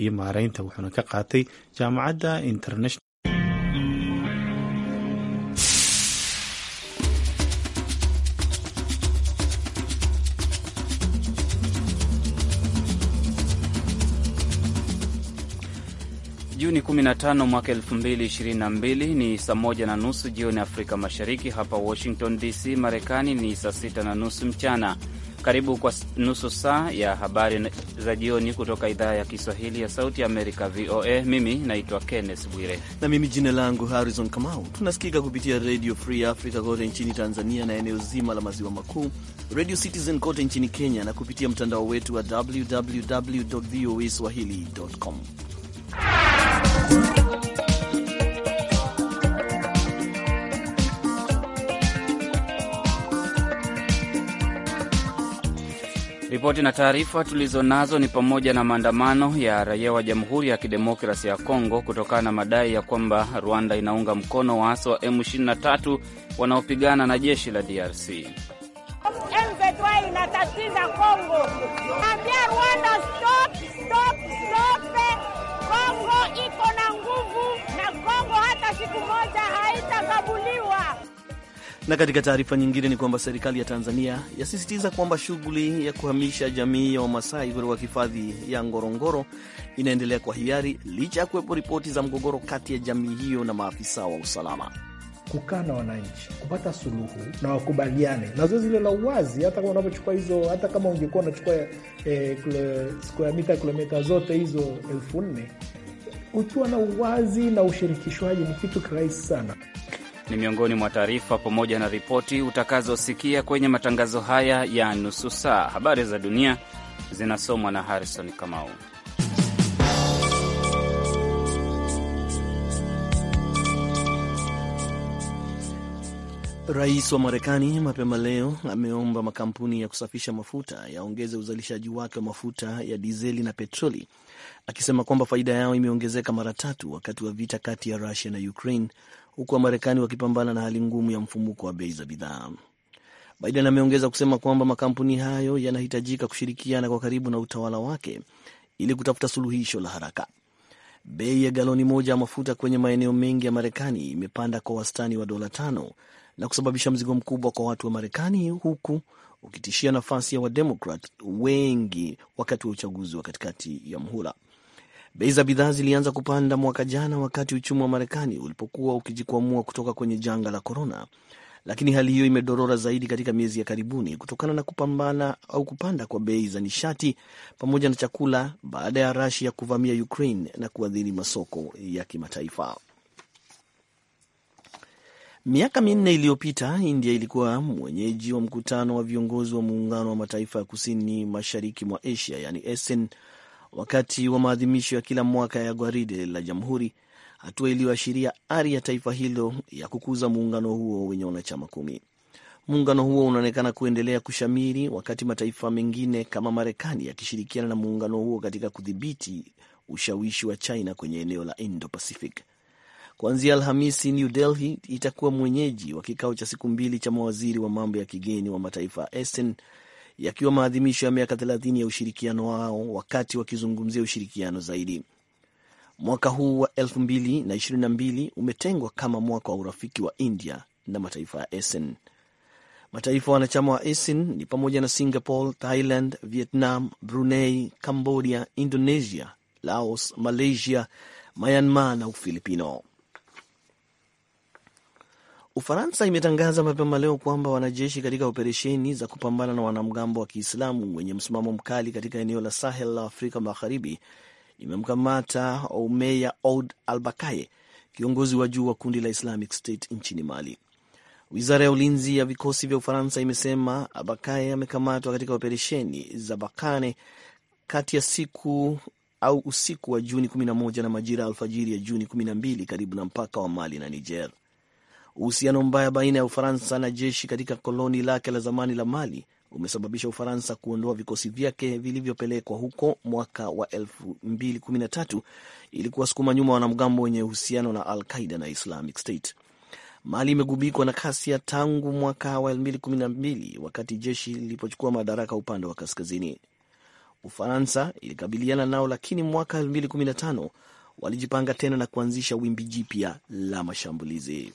iyo maaraynta wuxuuna ka qaatay jaamacadda international Juni 15 mwaka 2022 ni saa moja na nusu jioni Afrika Mashariki. Hapa Washington DC, Marekani ni saa sita na nusu mchana. Karibu kwa nusu saa ya habari za jioni kutoka idhaa ya Kiswahili ya Sauti ya Amerika, VOA. Mimi naitwa Kenneth Bwire na mimi jina langu Harrison Kamau. Tunasikika kupitia Radio Free Africa kote nchini Tanzania na eneo zima la maziwa makuu, Radio Citizen kote nchini Kenya na kupitia mtandao wetu wa www voa swahili.com Ripoti na taarifa tulizo nazo ni pamoja na maandamano ya raia wa Jamhuri ya Kidemokrasi ya Kongo kutokana na madai ya kwamba Rwanda inaunga mkono waasi wa M23 wanaopigana na jeshi la DRC. M23 inatatiza Kongo. Ambia Rwanda stop, stop, stop. Kongo iko na nguvu na Kongo hata siku moja haitakabuliwa. Na katika taarifa nyingine ni kwamba serikali ya Tanzania yasisitiza kwamba shughuli ya kuhamisha jamii ya Wamasai kutoka hifadhi ya Ngorongoro inaendelea kwa hiari licha ya kuwepo ripoti za mgogoro kati ya jamii hiyo na maafisa wa usalama kukaa na wananchi kupata suluhu na wakubaliane na zoezi ile la uwazi. Hata kama unavyochukua hizo, hata kama ungekuwa unachukua eh, ya mita kilomita zote hizo elfu nne ukiwa na uwazi na ushirikishwaji ni kitu kirahisi sana ni miongoni mwa taarifa pamoja na ripoti utakazosikia kwenye matangazo haya ya nusu saa. Habari za dunia zinasomwa na Harrison Kamau. Rais wa Marekani mapema leo ameomba makampuni ya kusafisha mafuta yaongeze uzalishaji wake wa mafuta ya dizeli na petroli, akisema kwamba faida yao imeongezeka mara tatu wakati wa vita kati ya Rusia na Ukraine, huku Wamarekani wakipambana na hali ngumu ya mfumuko wa bei za bidhaa. Biden ameongeza kusema kwamba makampuni hayo yanahitajika kushirikiana kwa karibu na utawala wake ili kutafuta suluhisho la haraka. Bei ya galoni moja ya mafuta kwenye maeneo mengi ya Marekani imepanda kwa wastani wa dola tano na kusababisha mzigo mkubwa kwa watu wa Marekani, huku ukitishia nafasi ya Wademokrat wengi wakati wa uchaguzi wa katikati ya mhula. Bei za bidhaa zilianza kupanda mwaka jana wakati uchumi wa Marekani ulipokuwa ukijikwamua kutoka kwenye janga la korona, lakini hali hiyo imedorora zaidi katika miezi ya karibuni kutokana na kupambana au kupanda kwa bei za nishati pamoja na chakula baada ya Russia kuvamia Ukraine na kuadhiri masoko ya kimataifa. Miaka minne iliyopita India ilikuwa mwenyeji wa mkutano wa viongozi wa muungano wa mataifa ya kusini mashariki mwa Asia, yani ASEAN wakati wa maadhimisho ya kila mwaka ya gwaride la Jamhuri, hatua iliyoashiria ari ya taifa hilo ya kukuza muungano huo wenye wanachama kumi. Muungano huo unaonekana kuendelea kushamiri wakati mataifa mengine kama Marekani yakishirikiana na muungano huo katika kudhibiti ushawishi wa China kwenye eneo la Indo-Pacific. Kuanzia Alhamisi, New Delhi itakuwa mwenyeji wa kikao cha siku mbili cha mawaziri wa mambo ya kigeni wa mataifa ASEAN yakiwa maadhimisho ya miaka 30 ya ushirikiano wao wakati wakizungumzia ushirikiano zaidi. Mwaka huu wa 2022 umetengwa kama mwaka wa urafiki wa India na mataifa ya ASEAN. Mataifa wanachama wa ASEAN ni pamoja na Singapore, Thailand, Vietnam, Brunei, Cambodia, Indonesia, Laos, Malaysia, Myanmar na Ufilipino. Ufaransa imetangaza mapema leo kwamba wanajeshi katika operesheni za kupambana na wanamgambo wa Kiislamu wenye msimamo mkali katika eneo la Sahel la Afrika Magharibi imemkamata Oumeya Oud Albakaye, kiongozi wa juu wa kundi la Islamic State nchini Mali. Wizara ya ulinzi ya vikosi vya Ufaransa imesema Abakaye amekamatwa katika operesheni za Bakane kati ya siku au usiku wa Juni 11 na majira alfajiri ya Juni 12 karibu na mpaka wa Mali na Niger. Uhusiano mbaya baina ya Ufaransa na jeshi katika koloni lake la zamani la Mali umesababisha Ufaransa kuondoa vikosi vyake vilivyopelekwa huko mwaka wa 2013 ili kuwasukuma nyuma wanamgambo wenye uhusiano na Al Qaida na Islamic State. Mali imegubikwa na kasia tangu mwaka wa 2012 wakati jeshi lilipochukua madaraka upande wa kaskazini. Ufaransa ilikabiliana nao, lakini mwaka 2015 walijipanga tena na kuanzisha wimbi jipya la mashambulizi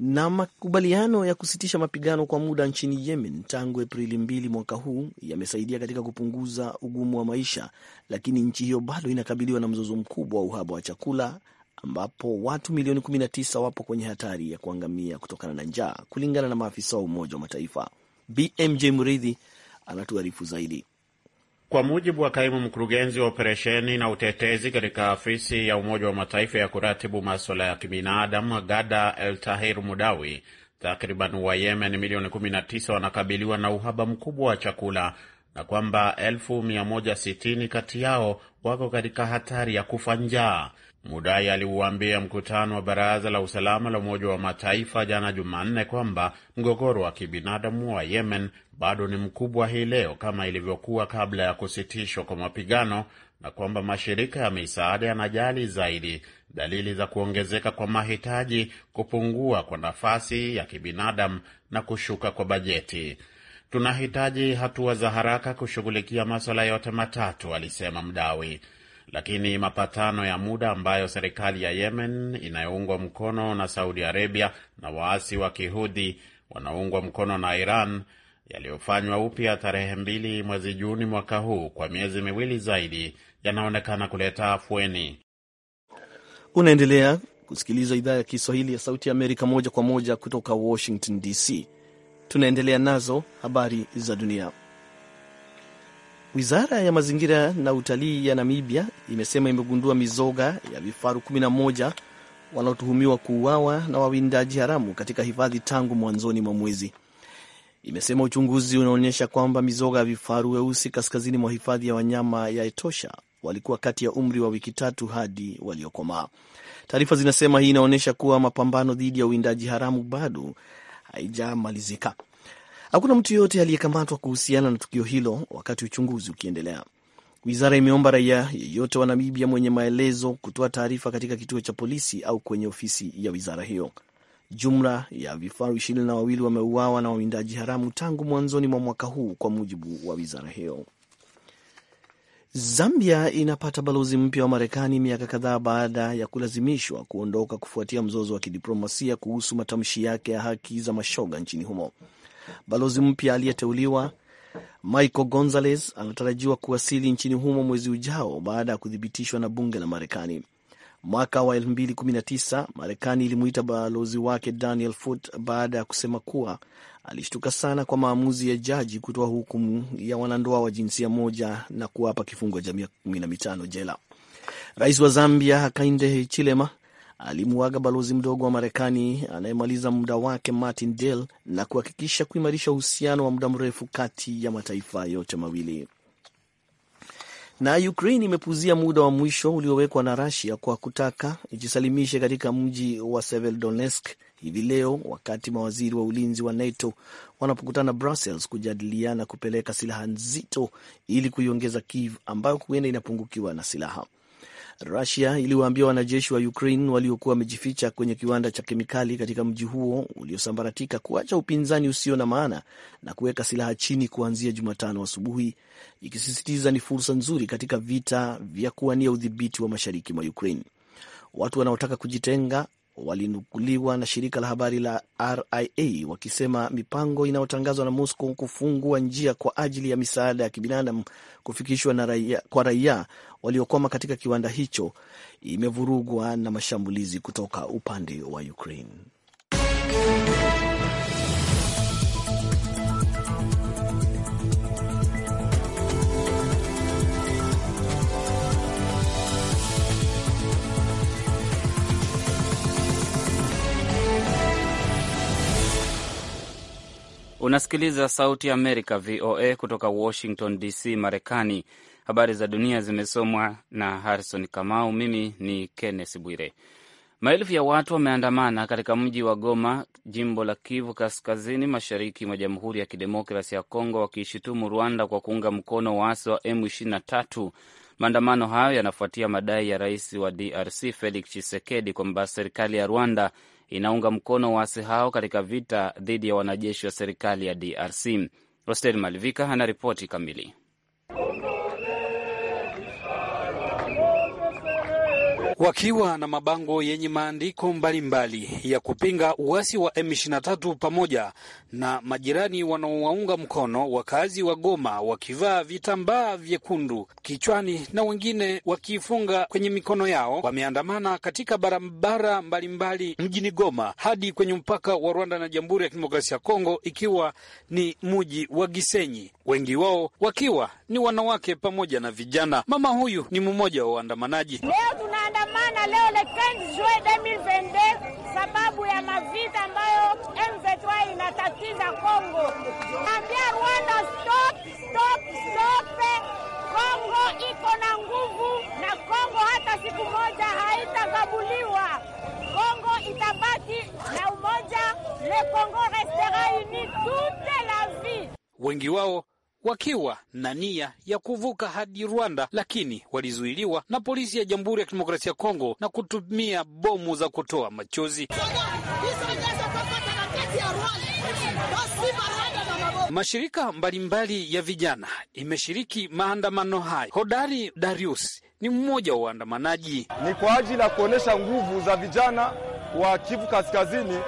na makubaliano ya kusitisha mapigano kwa muda nchini Yemen tangu Aprili mbili mwaka huu yamesaidia katika kupunguza ugumu wa maisha, lakini nchi hiyo bado inakabiliwa na mzozo mkubwa wa uhaba wa chakula ambapo watu milioni 19 wapo kwenye hatari ya kuangamia kutokana na njaa, kulingana na maafisa wa Umoja wa Mataifa. BMJ Mridhi anatuarifu zaidi. Kwa mujibu wa kaimu mkurugenzi wa operesheni na utetezi katika afisi ya Umoja wa Mataifa ya kuratibu maswala ya kibinadamu Gada El Tahir Mudawi, takriban Wayemen milioni 19 wanakabiliwa na uhaba mkubwa wa chakula na kwamba elfu 160 kati yao wako katika hatari ya kufa njaa. Mudai aliuambia mkutano wa baraza la usalama la Umoja wa Mataifa jana Jumanne kwamba mgogoro wa kibinadamu wa Yemen bado ni mkubwa hii leo kama ilivyokuwa kabla ya kusitishwa kwa mapigano na kwamba mashirika ya misaada yanajali zaidi dalili za kuongezeka kwa mahitaji, kupungua kwa nafasi ya kibinadamu na kushuka kwa bajeti. Tunahitaji hatua za haraka kushughulikia maswala yote matatu, alisema Mdawi lakini mapatano ya muda ambayo serikali ya Yemen inayoungwa mkono na Saudi Arabia na waasi wa Kihudhi wanaoungwa mkono na Iran yaliyofanywa upya tarehe mbili mwezi Juni mwaka huu kwa miezi miwili zaidi yanaonekana kuleta afueni. Unaendelea kusikiliza idhaa ya Kiswahili ya Sauti ya Amerika moja kwa moja kutoka Washington DC. Tunaendelea nazo habari za dunia. Wizara ya mazingira na utalii ya Namibia imesema imegundua mizoga ya vifaru 11 wanaotuhumiwa kuuawa na wawindaji haramu katika hifadhi tangu mwanzoni mwa mwezi. Imesema uchunguzi unaonyesha kwamba mizoga ya vifaru weusi kaskazini mwa hifadhi ya wanyama ya Etosha walikuwa kati ya umri wa wiki tatu hadi waliokomaa. Taarifa zinasema hii inaonyesha kuwa mapambano dhidi ya uwindaji haramu bado haijamalizika. Hakuna mtu yoyote aliyekamatwa kuhusiana na tukio hilo, wakati uchunguzi ukiendelea. Wizara imeomba raia yeyote wa Namibia mwenye maelezo kutoa taarifa katika kituo cha polisi au kwenye ofisi ya wizara hiyo. Jumla ya vifaru ishirini na wawili wameuawa na wawindaji haramu tangu mwanzoni mwa mwaka huu kwa mujibu wa wizara hiyo. Zambia inapata balozi mpya wa Marekani miaka kadhaa baada ya kulazimishwa kuondoka kufuatia mzozo wa kidiplomasia kuhusu matamshi yake ya haki za mashoga nchini humo. Balozi mpya aliyeteuliwa Michael Gonzalez anatarajiwa kuwasili nchini humo mwezi ujao baada ya kuthibitishwa na bunge la Marekani. Mwaka wa 2019 Marekani ilimuita balozi wake Daniel Foote baada ya kusema kuwa alishtuka sana kwa maamuzi ya jaji kutoa hukumu ya wanandoa wa jinsia moja na kuwapa kifungo cha miaka 15 jela. Rais wa Zambia Hakainde Hichilema alimuaga balozi mdogo wa Marekani anayemaliza muda wake Martin Dale na kuhakikisha kuimarisha uhusiano wa muda mrefu kati ya mataifa yote mawili. Na Ukraine imepuzia muda wa mwisho uliowekwa na Russia kwa kutaka ijisalimishe katika mji wa Severodonetsk hivi leo, wakati mawaziri wa ulinzi wa NATO wanapokutana Brussels kujadiliana kupeleka silaha nzito ili kuiongeza Kiev ambayo huenda inapungukiwa na silaha. Rusia iliwaambia wanajeshi wa Ukraine waliokuwa wamejificha kwenye kiwanda cha kemikali katika mji huo uliosambaratika kuacha upinzani usio na maana na kuweka silaha chini kuanzia Jumatano asubuhi, ikisisitiza ni fursa nzuri katika vita vya kuwania udhibiti wa mashariki mwa Ukraine. Watu wanaotaka kujitenga walinukuliwa na shirika la habari la RIA wakisema mipango inayotangazwa na Moscow kufungua njia kwa ajili ya misaada ya kibinadamu kufikishwa na raia, kwa raia waliokwama katika kiwanda hicho imevurugwa na mashambulizi kutoka upande wa Ukraine. Unasikiliza Sauti Amerika, VOA, kutoka Washington DC, Marekani. Habari za dunia zimesomwa na Harrison Kamau. Mimi ni Kenneth Bwire. Maelfu ya watu wameandamana katika mji wa Goma, jimbo la Kivu Kaskazini, mashariki mwa Jamhuri ya Kidemokrasi ya Kongo, wakiishutumu Rwanda kwa kuunga mkono waasi wa M23. Maandamano hayo yanafuatia madai ya rais wa DRC Felix Tshisekedi kwamba serikali ya Rwanda inaunga mkono waasi hao katika vita dhidi ya wanajeshi wa serikali ya DRC. Roster Malivika ana ripoti kamili. wakiwa na mabango yenye maandiko mbalimbali mbali ya kupinga uasi wa M23 pamoja na majirani wanaowaunga mkono. Wakazi wa Goma wakivaa vitambaa vyekundu kichwani na wengine wakifunga kwenye mikono yao, wameandamana katika barabara mbalimbali mjini Goma hadi kwenye mpaka wa Rwanda na Jamhuri ya Kidemokrasia ya Kongo, ikiwa ni muji wa Gisenyi, wengi wao wakiwa ni wanawake pamoja na vijana. Mama huyu ni mmoja wa waandamanaji Leo maandamana leo le 15 juin 2022 sababu ya mavita ambayo M23 inatatiza Kongo. Ambia Rwanda stop, stop, stop. Kongo iko na nguvu na Kongo hata siku moja haitagabuliwa. Kongo itabaki na umoja. Le Congo restera uni toute la vie. Wengi wao wakiwa na nia ya kuvuka hadi Rwanda, lakini walizuiliwa na polisi ya Jamhuri ya Kidemokrasia ya Kongo na kutumia bomu za kutoa machozi. Mashirika mbalimbali mbali ya vijana imeshiriki maandamano hayo. Hodari Darius ni mmoja wa waandamanaji. Ni kwa ajili ya kuonyesha nguvu za vijana wa Kivu Kaskazini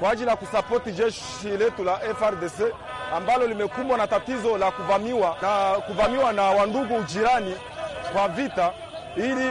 kwa ajili ya kusapoti jeshi letu la FRDC ambalo limekumbwa na tatizo la kuvamiwa na kuvamiwa na wandugu jirani kwa vita, ili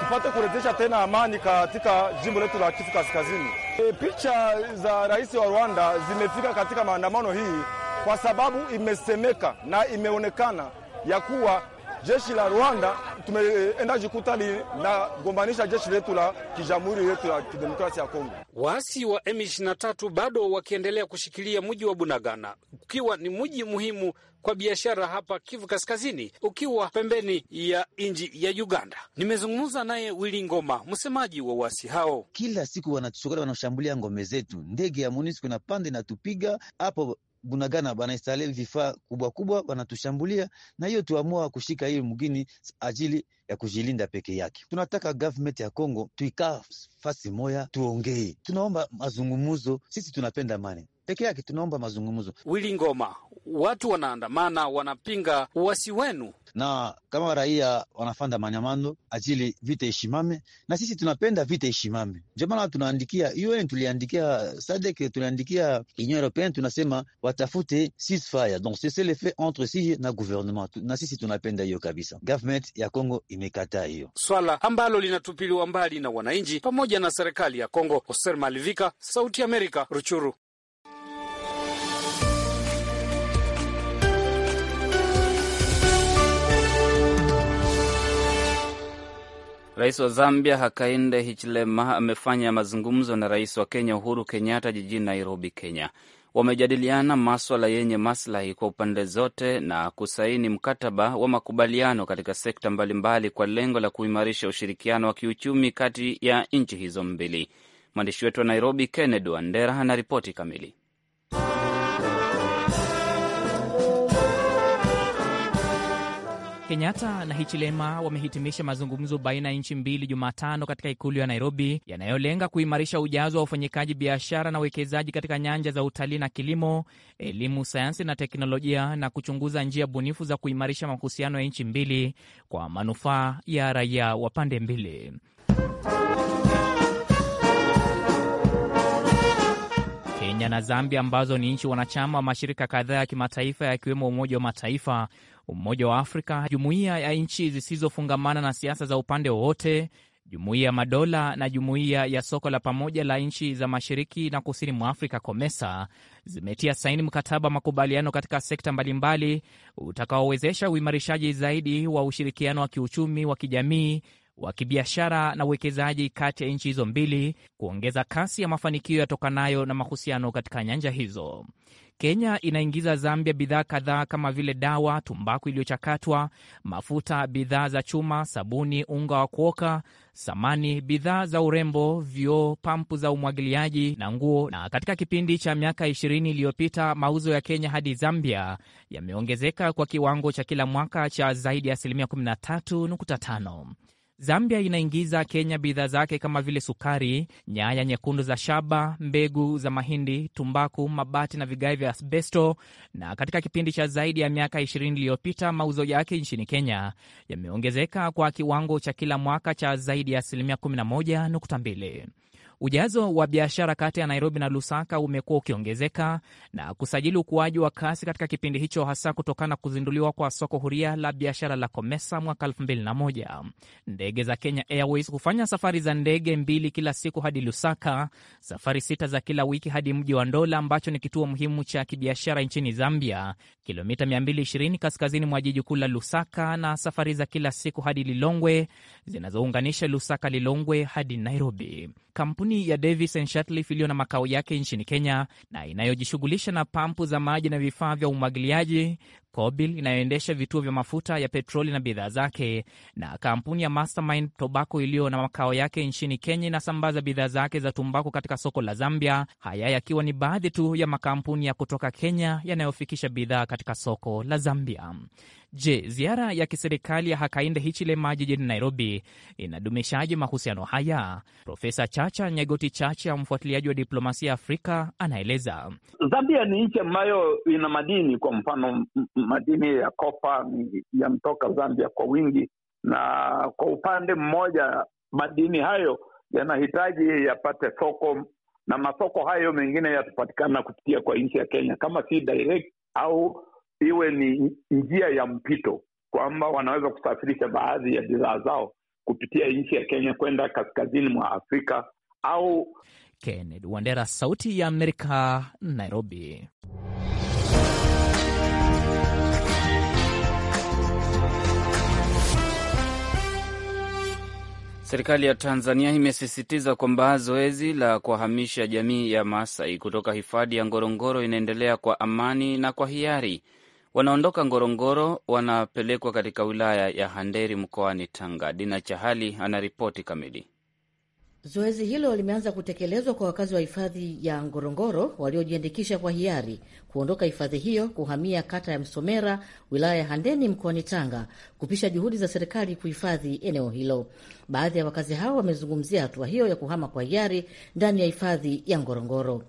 tupate kurejesha tena amani katika jimbo letu la Kivu Kaskazini. E, picha za rais wa Rwanda zimefika katika maandamano hii kwa sababu imesemeka na imeonekana ya kuwa jeshi la Rwanda tumeenda jikuta linagombanisha jeshi letu la kijamhuri yetu ya kidemokrasia ya Kongo. Waasi wa M23 bado wakiendelea kushikilia mji wa Bunagana, ukiwa ni mji muhimu kwa biashara hapa Kivu Kaskazini, ukiwa pembeni ya nchi ya Uganda. Nimezungumza naye Willy Ngoma, msemaji wa waasi hao. Kila siku wanatushokota, wanashambulia ngome zetu, ndege ya MONUSCO pande inatupiga hapo bunagana banaistale vifaa kubwa kubwa, wanatushambulia na hiyo tuamua kushika hiyo mgini ajili ya kujilinda peke yake. Tunataka government ya congo tuikaa fasi moya, tuongee, tunaomba mazungumuzo. Sisi tunapenda amani peke yake, tunaomba mazungumuzo. Wili Ngoma, watu wanaandamana, wanapinga uwasi wenu na kama raia wanafanda manyamando ajili vita ishimame, na sisi tunapenda vita ishimame. Ndio maana tunaandikia UN, tuliandikia SADC, tuliandikia Union Europeenne, tunasema watafute ceasefire, donc cessez-le-feu entre sie na gouvernement. Na sisi tunapenda hiyo kabisa, government ya Kongo imekataa hiyo swala ambalo linatupiliwa mbali na wananchi pamoja na serikali ya Kongo. Oser Malivika, Sauti ya Amerika, Ruchuru. Rais wa Zambia Hakainde Hichilema amefanya mazungumzo na rais wa Kenya Uhuru Kenyatta jijini Nairobi, Kenya. Wamejadiliana maswala yenye maslahi kwa upande zote na kusaini mkataba wa makubaliano katika sekta mbalimbali kwa lengo la kuimarisha ushirikiano wa kiuchumi kati ya nchi hizo mbili. Mwandishi wetu wa Nairobi, Kennedy Wandera, ana ripoti kamili. Kenyatta na Hichilema wamehitimisha mazungumzo baina ya nchi mbili Jumatano katika ikulu ya Nairobi yanayolenga kuimarisha ujazo wa ufanyikaji biashara na uwekezaji katika nyanja za utalii na kilimo, elimu, sayansi na teknolojia na kuchunguza njia bunifu za kuimarisha mahusiano ya nchi mbili kwa manufaa ya raia wa pande mbili. Kenya na Zambia ambazo ni nchi wanachama wa mashirika kadhaa ya kimataifa yakiwemo Umoja wa Mataifa Umoja wa Afrika, Jumuiya ya Nchi Zisizofungamana na Siasa za Upande Wowote, Jumuiya ya Madola na Jumuiya ya Soko la Pamoja la Nchi za Mashariki na Kusini mwa Afrika, COMESA, zimetia saini mkataba makubaliano katika sekta mbalimbali utakaowezesha uimarishaji zaidi wa ushirikiano wa kiuchumi, wa kijamii, wa kibiashara na uwekezaji kati ya nchi hizo mbili, kuongeza kasi ya mafanikio yatokanayo na mahusiano katika nyanja hizo. Kenya inaingiza Zambia bidhaa kadhaa kama vile dawa, tumbaku iliyochakatwa, mafuta, bidhaa za chuma, sabuni, unga wa kuoka, samani, bidhaa za urembo, vioo, pampu za umwagiliaji na nguo. Na katika kipindi cha miaka ishirini iliyopita mauzo ya Kenya hadi Zambia yameongezeka kwa kiwango cha kila mwaka cha zaidi ya asilimia 13.5. Zambia inaingiza Kenya bidhaa zake kama vile sukari, nyaya nyekundu za shaba, mbegu za mahindi, tumbaku, mabati na vigae vya asbesto. Na katika kipindi cha zaidi ya miaka 20 iliyopita, mauzo yake nchini Kenya yameongezeka kwa kiwango cha kila mwaka cha zaidi ya asilimia 11.2. Ujazo wa biashara kati ya Nairobi na Lusaka umekuwa ukiongezeka na kusajili ukuaji wa kasi katika kipindi hicho, hasa kutokana na kuzinduliwa kwa soko huria la biashara la COMESA mwaka 2001. Ndege za Kenya Airways hufanya safari za ndege mbili kila siku hadi Lusaka, safari sita za kila wiki hadi mji wa Ndola ambacho ni kituo muhimu cha kibiashara nchini Zambia, kilomita 220 kaskazini mwa jiji kuu la Lusaka, na safari za kila siku hadi Lilongwe zinazounganisha Lusaka, Lilongwe hadi Nairobi. Kampuni Kampuni ya Davis and iliyo na makao yake nchini Kenya na inayojishughulisha na pampu za maji na vifaa vya umwagiliaji Cobil inayoendesha vituo vya mafuta ya petroli na bidhaa zake na kampuni ya Mastermind Tobacco iliyo na makao yake nchini Kenya inasambaza bidhaa zake za tumbaku katika soko la Zambia, haya yakiwa ni baadhi tu ya makampuni ya kutoka Kenya yanayofikisha bidhaa katika soko la Zambia. Je, ziara ya kiserikali ya Hakainde Hichilema jijini Nairobi inadumishaje mahusiano haya? Profesa Chacha Nyegoti Chacha, mfuatiliaji wa diplomasia ya Afrika, anaeleza. Zambia ni nchi ambayo ina madini, kwa mfano madini ya kopa yanatoka Zambia kwa wingi, na kwa upande mmoja madini hayo yanahitaji yapate soko, na masoko hayo mengine yatapatikana kupitia kwa nchi ya Kenya, kama si direct au iwe ni njia ya mpito, kwamba wanaweza kusafirisha baadhi ya bidhaa zao kupitia nchi ya Kenya kwenda kaskazini mwa Afrika au Kennedy Wandera, Sauti ya Amerika, Nairobi. Serikali ya Tanzania imesisitiza kwamba zoezi la kuwahamisha jamii ya Maasai kutoka hifadhi ya Ngorongoro inaendelea kwa amani na kwa hiari. Wanaondoka Ngorongoro, wanapelekwa katika wilaya ya handeri mkoani Tanga. Dina Chahali anaripoti kamili. Zoezi hilo limeanza kutekelezwa kwa wakazi wa hifadhi ya Ngorongoro waliojiandikisha kwa hiari kuondoka hifadhi hiyo kuhamia kata ya Msomera wilaya ya Handeni mkoani Tanga kupisha juhudi za serikali kuhifadhi eneo hilo. Baadhi ya wakazi hao wamezungumzia hatua hiyo ya kuhama kwa hiari ndani ya hifadhi ya Ngorongoro.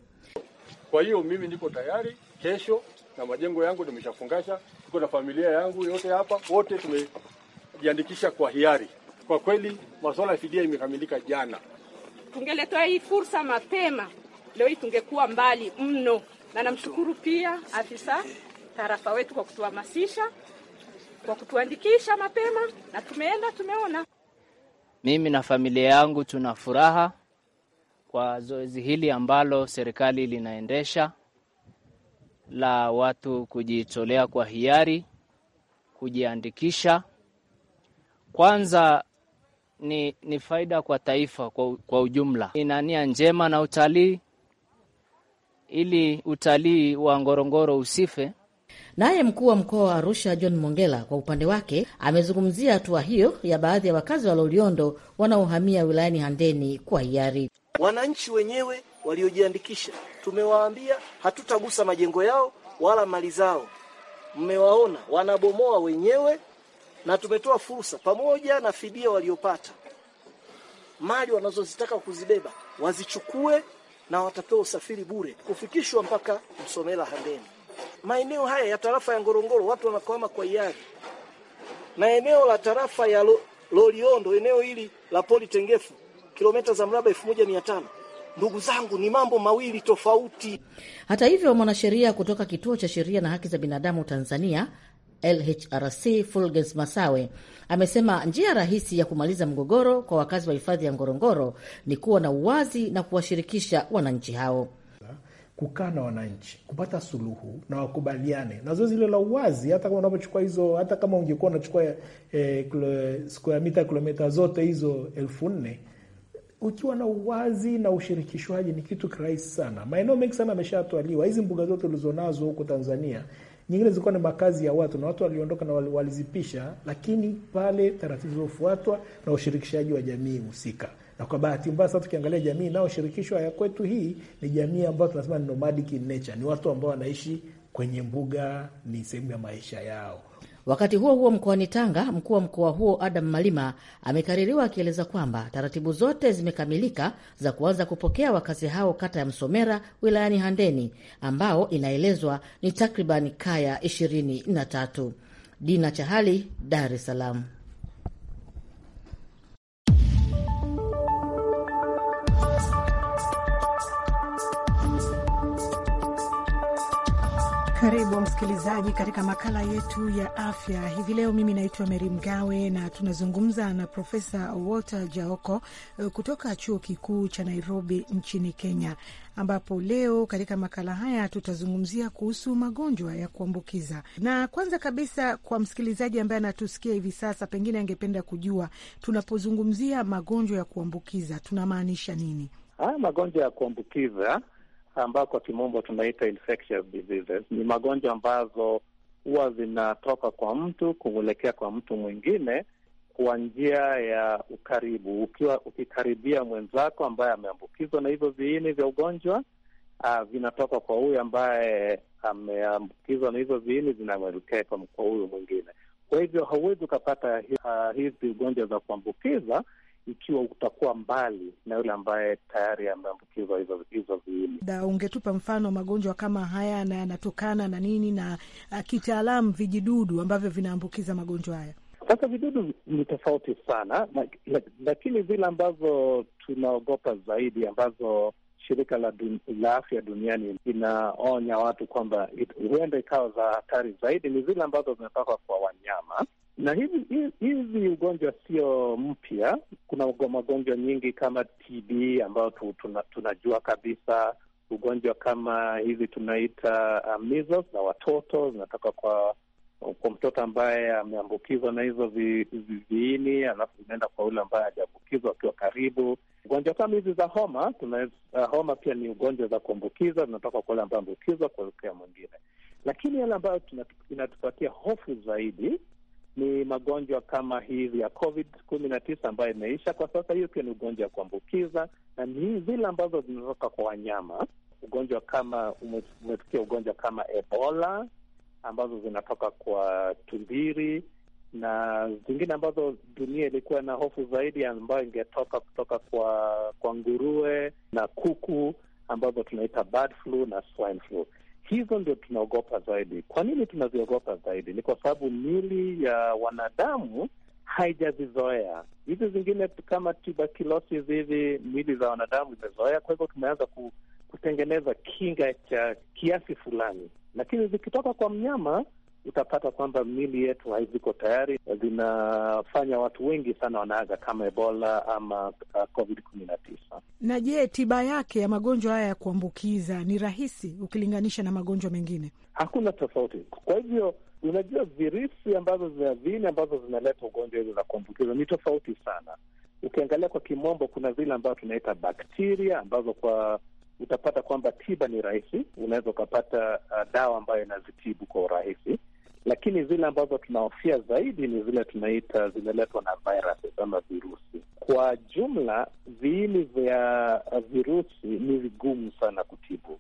Kwa hiyo mimi niko tayari kesho, na majengo yangu nimeshafungasha, tuko na familia yangu yote hapa, wote tumejiandikisha kwa hiari. Kwa kweli masuala ya fidia imekamilika jana tungeletoa hii fursa mapema, leo hii tungekuwa mbali mno, na namshukuru pia afisa tarafa wetu kwa kutuhamasisha, kwa kutuandikisha mapema, na tumeenda tumeona. Mimi na familia yangu tuna furaha kwa zoezi hili ambalo serikali linaendesha la watu kujitolea kwa hiari kujiandikisha. Kwanza ni, ni faida kwa taifa kwa, kwa ujumla. Ina nia njema na utalii ili utalii wa Ngorongoro usife. Naye mkuu wa mkoa wa Arusha John Mongela kwa upande wake amezungumzia hatua hiyo ya baadhi ya wakazi wa Loliondo wanaohamia wilayani Handeni kwa hiari. Wananchi wenyewe waliojiandikisha tumewaambia hatutagusa majengo yao wala mali zao. Mmewaona wanabomoa wenyewe, na tumetoa fursa pamoja na fidia waliopata mali wanazozitaka kuzibeba wazichukue na watapewa usafiri bure kufikishwa mpaka Msomela Handeni. Maeneo haya ya tarafa ya Ngorongoro watu wanakwama kwa hiari, na eneo la tarafa ya lo, Loliondo, eneo hili la poli tengefu kilomita za mraba elfu moja mia tano. Ndugu zangu, ni mambo mawili tofauti. Hata hivyo, mwanasheria kutoka Kituo cha Sheria na Haki za Binadamu Tanzania LHRC Fulgens Masawe amesema njia rahisi ya kumaliza mgogoro kwa wakazi wa hifadhi ya Ngorongoro ni kuwa na uwazi na kuwashirikisha wananchi hao kukaa na wananchi kupata suluhu na wakubaliane na zoezi hilo la uwazi. Hata kama unapochukua hizo, hata kama ungekuwa unachukua eh, ya mita kilomita zote hizo elfu nne ukiwa na uwazi na ushirikishwaji ni kitu kirahisi sana. Maeneo mengi sana ameshatwaliwa, hizi mbuga zote ulizonazo huko Tanzania nyingine zilikuwa ni makazi ya watu na watu waliondoka na walizipisha, lakini pale taratibu zilizofuatwa na ushirikishaji wa jamii husika. Na kwa bahati mbaya sasa, tukiangalia jamii inayoshirikishwa ya kwetu, hii ni jamii ambayo tunasema ni nomadic in nature, ni watu ambao wanaishi kwenye mbuga, ni sehemu ya maisha yao. Wakati huo huo, mkoani Tanga, mkuu wa mkoa huo Adam Malima amekaririwa akieleza kwamba taratibu zote zimekamilika za kuanza kupokea wakazi hao kata ya Msomera wilayani Handeni, ambao inaelezwa ni takriban kaya na tatu Dina Chahali, Dar es Salaam. Karibu msikilizaji katika makala yetu ya afya hivi leo. Mimi naitwa Meri Mgawe na tunazungumza na Profesa Walter Jaoko eh, kutoka chuo kikuu cha Nairobi nchini Kenya, ambapo leo katika makala haya tutazungumzia kuhusu magonjwa ya kuambukiza. Na kwanza kabisa, kwa msikilizaji ambaye anatusikia hivi sasa, pengine angependa kujua tunapozungumzia magonjwa ya kuambukiza tunamaanisha nini? Haya magonjwa ya kuambukiza ambayo kwa kimombo tunaita infectious diseases. Ni magonjwa ambazo huwa zinatoka kwa mtu kumwelekea kwa mtu mwingine kwa njia ya ukaribu, ukiwa ukikaribia mwenzako ambaye ameambukizwa na hivyo viini vya ugonjwa uh, vinatoka kwa huyu ambaye ameambukizwa na hivyo viini vinamwelekea kwa huyu mwingine. Kwa hivyo hauwezi ukapata uh, hizi ugonjwa za kuambukiza ikiwa utakuwa mbali na yule ambaye tayari ameambukizwa hizo viini. Ungetupa mfano magonjwa kama haya na yanatokana na nini, na uh, kitaalamu vijidudu ambavyo vinaambukiza magonjwa haya? Sasa vidudu ni tofauti sana, lakini zile ambazo tunaogopa zaidi ambazo shirika la, dun, la afya duniani inaonya watu kwamba huenda ikawa za hatari zaidi ni zile ambazo zimepakwa kwa wanyama, na hivi hizi ugonjwa sio mpya. Kuna magonjwa nyingi kama TB ambayo tuna, tunajua kabisa. Ugonjwa kama hizi tunaita uh, measles na watoto zinatoka kwa kwa mtoto ambaye ameambukizwa na hizo vi, viini alafu zinaenda kwa yule ambaye hajaambukizwa akiwa karibu. Ugonjwa kama hizi za homa tuna, uh, homa pia ni ugonjwa za kuambukiza, zinatoka kwa yule ambaye ambukizwa kuelekea mwingine, lakini yale ambayo inatupatia hofu zaidi ni magonjwa kama hivi ya COVID kumi na tisa ambayo imeisha kwa sasa. Hiyo pia ni ugonjwa wa kuambukiza na ni zile ambazo zinatoka kwa wanyama. Ugonjwa kama umetukia ugonjwa kama Ebola ambazo zinatoka kwa tumbiri na zingine ambazo dunia ilikuwa na hofu zaidi ambayo ingetoka kutoka kwa kwa nguruwe na kuku ambazo tunaita bird flu na swine flu hizo ndio tunaogopa zaidi. Kwa nini tunaziogopa zaidi? Ni kwa sababu mili ya wanadamu haijazizoea hizi zingine, kama tuberculosis hivi, mili za wanadamu zimezoea, kwa hivyo tumeanza ku, kutengeneza kinga cha kiasi fulani, lakini zikitoka kwa mnyama utapata kwamba mili yetu haziko tayari, zinafanya watu wengi sana wanaaga kama Ebola ama uh, Covid kumi na tisa. Na je, tiba yake ya magonjwa haya ya kuambukiza ni rahisi ukilinganisha na magonjwa mengine? Hakuna tofauti. Kwa hivyo unajua virusi ambazo zina vini ambazo zinaleta ugonjwa hizo za kuambukiza ni tofauti sana. Ukiangalia kwa kimombo, kuna vile ambazo tunaita bakteria ambazo kwa utapata kwamba tiba ni rahisi, unaweza ukapata uh, dawa ambayo inazitibu kwa urahisi, lakini zile ambazo tunahofia zaidi ni zile tunaita zimeletwa na viruses ama virusi. Kwa jumla, viini vya virusi ni vigumu sana kutibu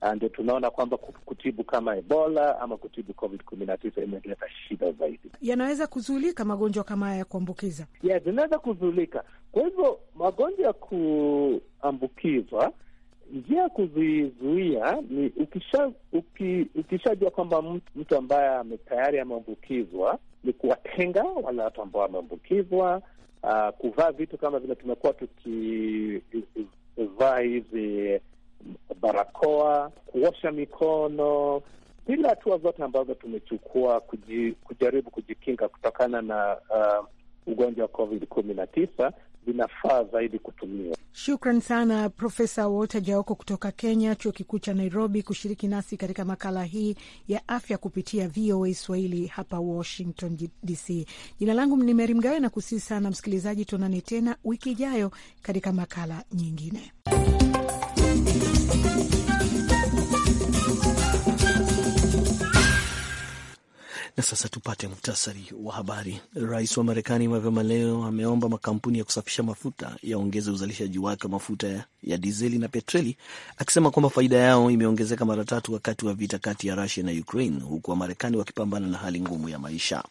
ah, ndio tunaona kwamba kutibu kama Ebola ama kutibu Covid kumi na tisa imeleta shida zaidi. Yanaweza kuzuilika magonjwa kama haya ya kuambukiza, zinaweza yeah, kuzuilika. Kwa hivyo magonjwa ya kuambukizwa njia ya kuzizuia ni ukishajua uki, ukisha kwamba mtu ambaye tayari ameambukizwa ni kuwatenga wale watu ambao wameambukizwa. Uh, kuvaa vitu kama vile tumekuwa tukivaa hizi barakoa, kuosha mikono, zile hatua zote ambazo tumechukua kuji, kujaribu kujikinga kutokana na uh, ugonjwa wa COVID kumi na tisa vinafaa zaidi kutumiwa. Shukran sana Profesa Walter Jaoko kutoka Kenya, chuo kikuu cha Nairobi, kushiriki nasi katika makala hii ya afya kupitia VOA Swahili hapa Washington DC. Jina langu ni Meri Mgawe na kusihi sana msikilizaji, tuonane tena wiki ijayo katika makala nyingine. Na sasa tupate muhtasari wa habari. Rais wa Marekani mapema leo ameomba makampuni ya kusafisha mafuta yaongeze uzalishaji wake wa mafuta ya dizeli na petreli, akisema kwamba faida yao imeongezeka mara tatu wakati wa vita kati ya Rusia na Ukraine, huku Wamarekani wakipambana na hali ngumu ya maisha.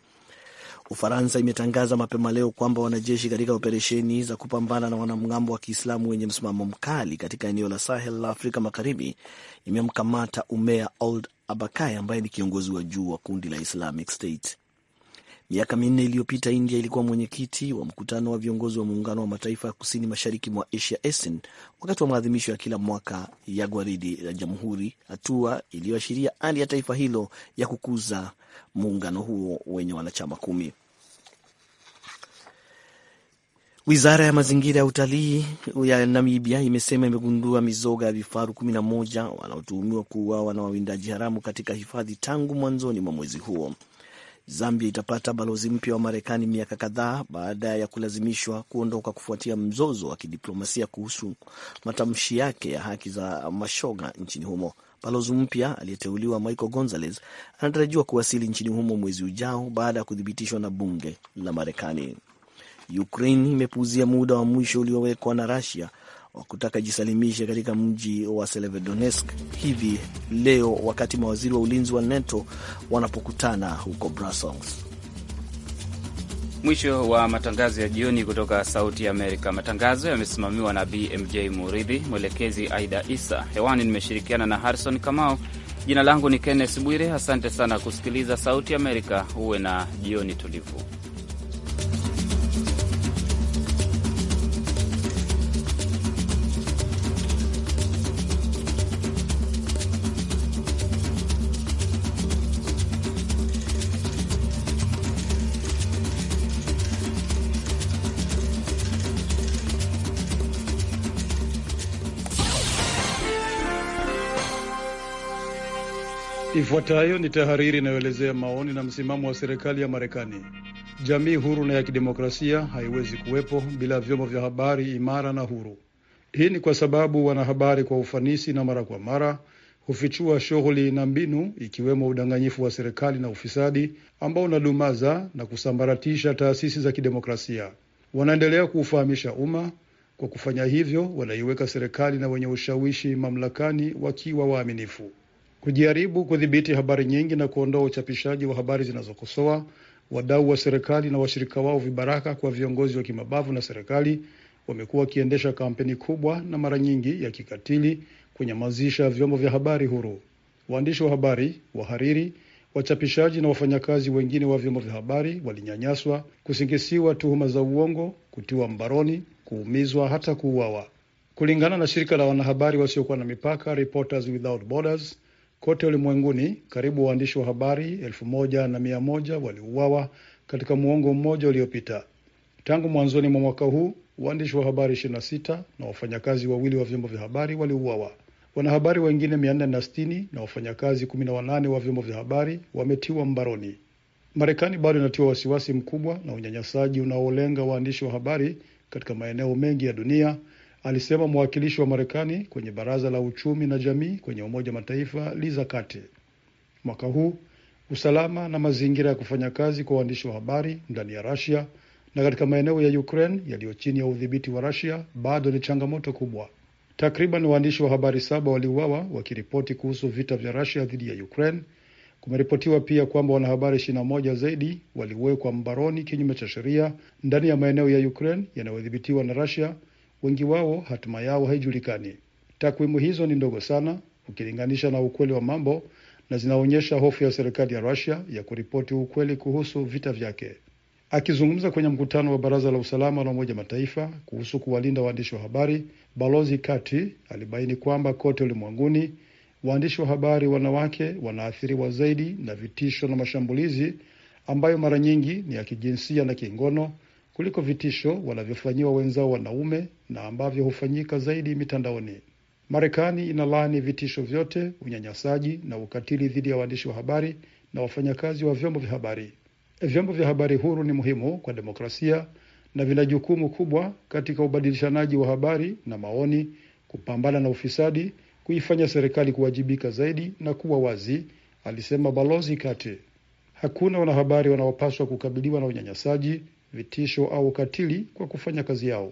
Ufaransa imetangaza mapema leo kwamba wanajeshi katika operesheni za kupambana na wanamgambo wa Kiislamu wenye msimamo mkali katika eneo la Sahel la Afrika Magharibi imemkamata Umea Old Abakai ambaye ni kiongozi wa juu wa kundi la Islamic State. Miaka minne iliyopita India ilikuwa mwenyekiti wa mkutano wa viongozi wa muungano wa mataifa ya kusini mashariki mwa Asia, ASEAN, wakati wa maadhimisho ya kila mwaka ya gwaridi la Jamhuri, hatua iliyoashiria ari ya taifa hilo ya kukuza muungano huo wenye wanachama kumi. Wizara ya mazingira ya utalii ya Namibia imesema imegundua mizoga ya vifaru 11 wanaotuhumiwa kuuawa na wawindaji haramu katika hifadhi tangu mwanzoni mwa mwezi huo. Zambia itapata balozi mpya wa Marekani miaka kadhaa baada ya kulazimishwa kuondoka kufuatia mzozo wa kidiplomasia kuhusu matamshi yake ya haki za mashoga nchini humo. Balozi mpya aliyeteuliwa Michael Gonzalez anatarajiwa kuwasili nchini humo mwezi ujao baada ya kuthibitishwa na bunge la Marekani. Ukraine imepuuzia muda wa mwisho uliowekwa na Russia wa kutaka jisalimishe katika mji wa Severodonetsk hivi leo wakati mawaziri wa ulinzi wa NATO wanapokutana huko Brussels. Mwisho wa matangazo ya jioni kutoka Sauti ya Amerika. Matangazo yamesimamiwa na BMJ Muridhi, mwelekezi Aida Isa. Hewani nimeshirikiana na Harrison Kamau. Jina langu ni Kenneth Bwire. Asante sana kusikiliza Sauti Amerika. Uwe na jioni tulivu. Ifuatayo ni tahariri inayoelezea maoni na msimamo wa serikali ya Marekani. Jamii huru na ya kidemokrasia haiwezi kuwepo bila vyombo vya habari imara na huru. Hii ni kwa sababu wanahabari kwa ufanisi na mara kwa mara hufichua shughuli na mbinu, ikiwemo udanganyifu wa serikali na ufisadi ambao unadumaza na kusambaratisha taasisi za kidemokrasia. Wanaendelea kuufahamisha umma. Kwa kufanya hivyo, wanaiweka serikali na wenye ushawishi mamlakani wakiwa waaminifu kujaribu kudhibiti habari nyingi na kuondoa uchapishaji wa habari zinazokosoa wadau wa serikali na washirika wao vibaraka kwa viongozi wa kimabavu na serikali wamekuwa wakiendesha kampeni kubwa na mara nyingi ya kikatili kunyamazisha vyombo vya habari huru. Waandishi wa habari, wahariri, wachapishaji na wafanyakazi wengine wa vyombo vya habari walinyanyaswa, kusingisiwa tuhuma za uongo, kutiwa mbaroni, kuumizwa, hata kuuawa. Kulingana na shirika la wanahabari wasiokuwa na mipaka, Reporters Without Borders, Kote ulimwenguni karibu waandishi wa habari elfu moja na mia moja waliuawa katika muongo mmoja uliopita. Tangu mwanzoni mwa mwaka huu waandishi wa habari 26 na wafanyakazi wawili wa vyombo vya habari waliuawa. Wanahabari wengine 460 na wafanyakazi 18 wa vyombo vya habari wametiwa mbaroni. Marekani bado inatiwa wasiwasi mkubwa na unyanyasaji unaolenga waandishi wa habari katika maeneo mengi ya dunia alisema mwakilishi wa Marekani kwenye Baraza la Uchumi na Jamii kwenye Umoja Mataifa Liza Kate. Mwaka huu usalama na mazingira ya kufanya kazi kwa waandishi wa habari ndani ya rasia na katika maeneo ya Ukraine yaliyo chini ya udhibiti wa rasia bado ni changamoto kubwa. Takriban waandishi wa habari saba waliuawa wakiripoti kuhusu vita vya rasia dhidi ya Ukraine. Kumeripotiwa pia kwamba wanahabari ishirini moja zaidi waliwekwa mbaroni kinyume cha sheria ndani ya maeneo ya Ukraine yanayodhibitiwa na rasia wengi wao hatima yao haijulikani. Takwimu hizo ni ndogo sana ukilinganisha na ukweli wa mambo na zinaonyesha hofu ya serikali ya Rusia ya kuripoti ukweli kuhusu vita vyake. Akizungumza kwenye mkutano wa Baraza la Usalama la Umoja Mataifa kuhusu kuwalinda waandishi wa habari, Balozi Kati alibaini kwamba kote ulimwenguni waandishi wa habari wanawake wanaathiriwa zaidi na vitisho na mashambulizi ambayo mara nyingi ni ya kijinsia na kingono kuliko vitisho wanavyofanyiwa wenzao wanaume na ambavyo hufanyika zaidi mitandaoni. Marekani inalaani vitisho vyote, unyanyasaji na ukatili dhidi ya waandishi wa habari na wafanyakazi wa vyombo vya habari. Vyombo vya habari huru ni muhimu kwa demokrasia na vina jukumu kubwa katika ubadilishanaji wa habari na maoni, kupambana na ufisadi, kuifanya serikali kuwajibika zaidi na kuwa wazi, alisema Balozi Kate. Hakuna wanahabari wanaopaswa kukabiliwa na unyanyasaji, vitisho au ukatili kwa kufanya kazi yao.